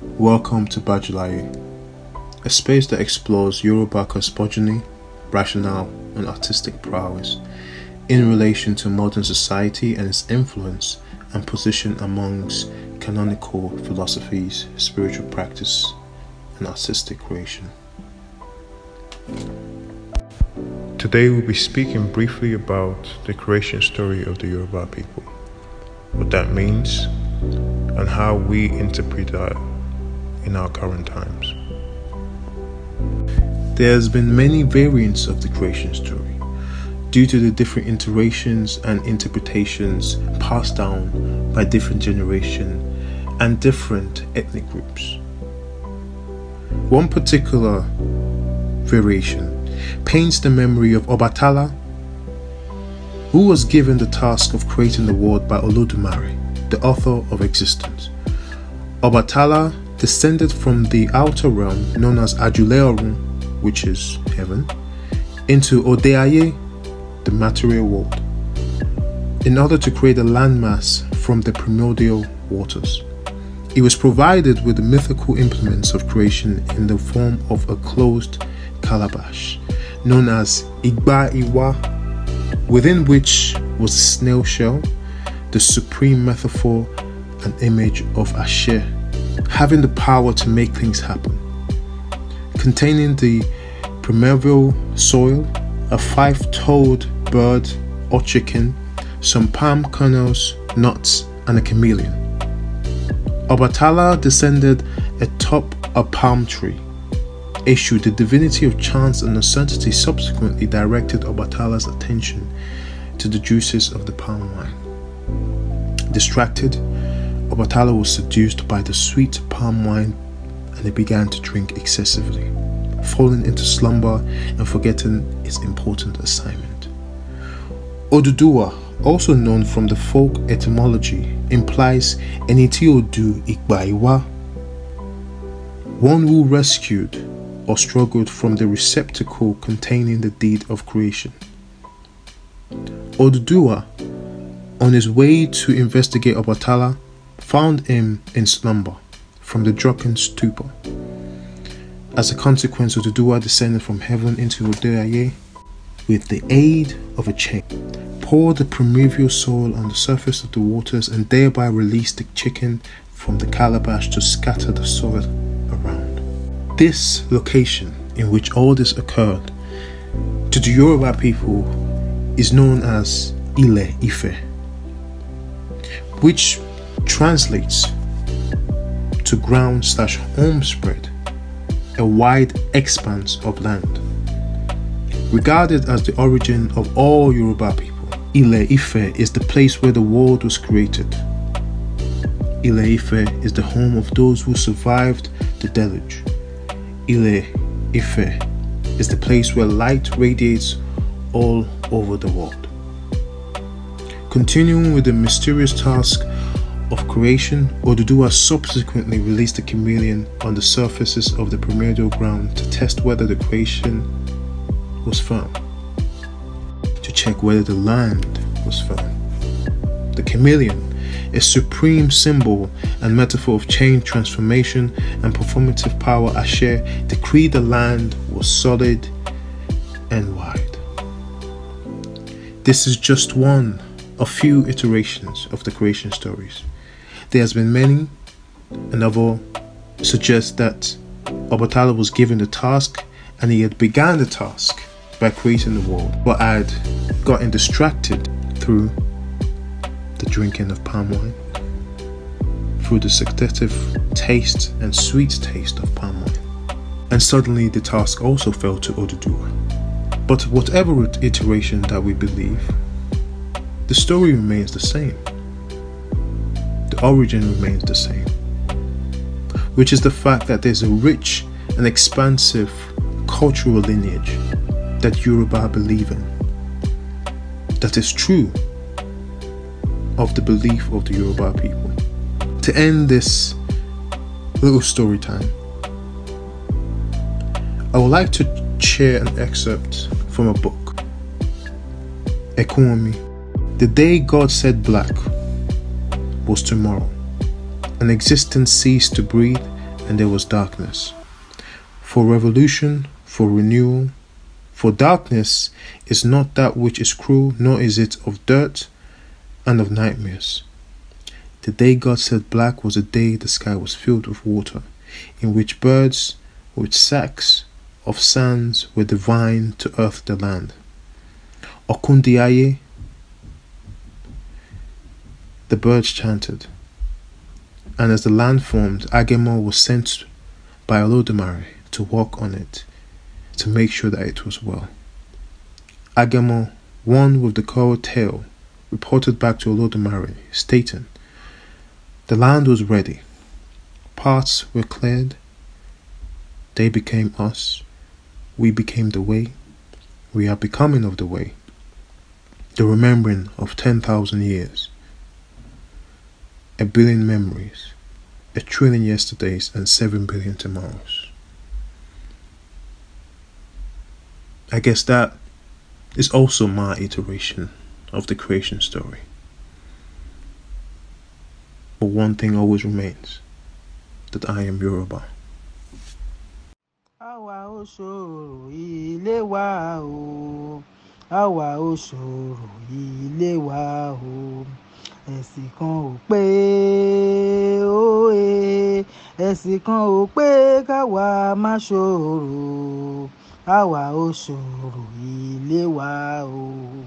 Welcome to Bajulayi, a space that explores Yoruba cosmogony, rationale, and artistic prowess in relation to modern society and its influence and position amongst canonical philosophies, spiritual practice, and artistic creation. Today, we'll be speaking briefly about the creation story of the Yoruba people, what that means, and how we interpret that in our current times. There has been many variants of the creation story due to the different iterations and interpretations passed down by different generations and different ethnic groups. One particular variation paints the memory of Obatala, who was given the task of creating the world by Olodumare, the author of existence. Obatala descended from the outer realm known as Aduleorum, which is heaven, into Odeaye, the material world, in order to create a landmass from the primordial waters. He was provided with the mythical implements of creation in the form of a closed calabash known as Igba Iwa, within which was a snail shell, the supreme metaphor and image of Asher, having the power to make things happen. Containing the primeval soil, a five toed bird or chicken, some palm kernels, nuts, and a chameleon. Obatala descended atop a palm tree. Issue the divinity of chance and uncertainty, subsequently directed Obatala's attention to the juices of the palm wine. Distracted, Obatala was seduced by the sweet palm wine and he began to drink excessively, falling into slumber and forgetting his important assignment. Oduduwa, also known from the folk etymology, implies Enitiodu Igbaiwa, one who rescued or struggled from the receptacle containing the deed of creation. Oduduwa, on his way to investigate Obatala, found him in slumber from the drunken stupor. As a consequence, of the duo descended from heaven into Odeaye with the aid of a chain, poured the primeval soil on the surface of the waters, and thereby released the chicken from the calabash to scatter the soil around. This location in which all this occurred to the Yoruba people is known as Ile Ife, which translates to ground slash home spread, a wide expanse of land. Regarded as the origin of all Yoruba people, Ile Ife is the place where the world was created. Ile Ife is the home of those who survived the deluge. Ile Ife is the place where light radiates all over the world. Continuing with the mysterious task of creation, Oduduwa subsequently released the chameleon on the surfaces of the primordial ground to test whether the creation was firm, to check whether the land was firm. The chameleon, a supreme symbol and metaphor of change, transformation, and performative power, Asher decreed the land was solid and wide. This is just one of few iterations of the creation stories. There's been many. Another suggests that Obatala was given the task and he had begun the task by creating the world, but had gotten distracted through the drinking of palm wine, through the seductive taste and sweet taste of palm wine. And suddenly the task also fell to Oduduwa. But whatever iteration that we believe, the story remains the same origin remains the same, which is the fact that there's a rich and expansive cultural lineage that Yoruba believe in. That is true of the belief of the Yoruba people. To end this little story time, I would like to share an excerpt from a book, Ekonomi, The Day God Said Black was tomorrow. An existence ceased to breathe, and there was darkness. For revolution, for renewal, for darkness is not that which is cruel, nor is it of dirt and of nightmares. The day God said black was a day the sky was filled with water, in which birds, with sacks of sands, were divine to earth the land. Okundiaye, the birds chanted. And as the land formed, Agamor was sent by Olodumare to walk on it to make sure that it was well. Agamor, one with the coral tail, reported back to Olodumare, stating, The land was ready, paths were cleared, they became us, we became the way, we are becoming of the way, the remembering of 10,000 years a billion memories, a trillion yesterdays, and seven billion tomorrows. I guess that is also my iteration of the creation story. But one thing always remains that I am Yoruba. àwa ilé wa o àwa ilé wa o. ẹ̀sìn kan ò pé òye ẹ̀sìn kan ò pé káwa má ṣòro àwa ò ṣòro ilé wa o.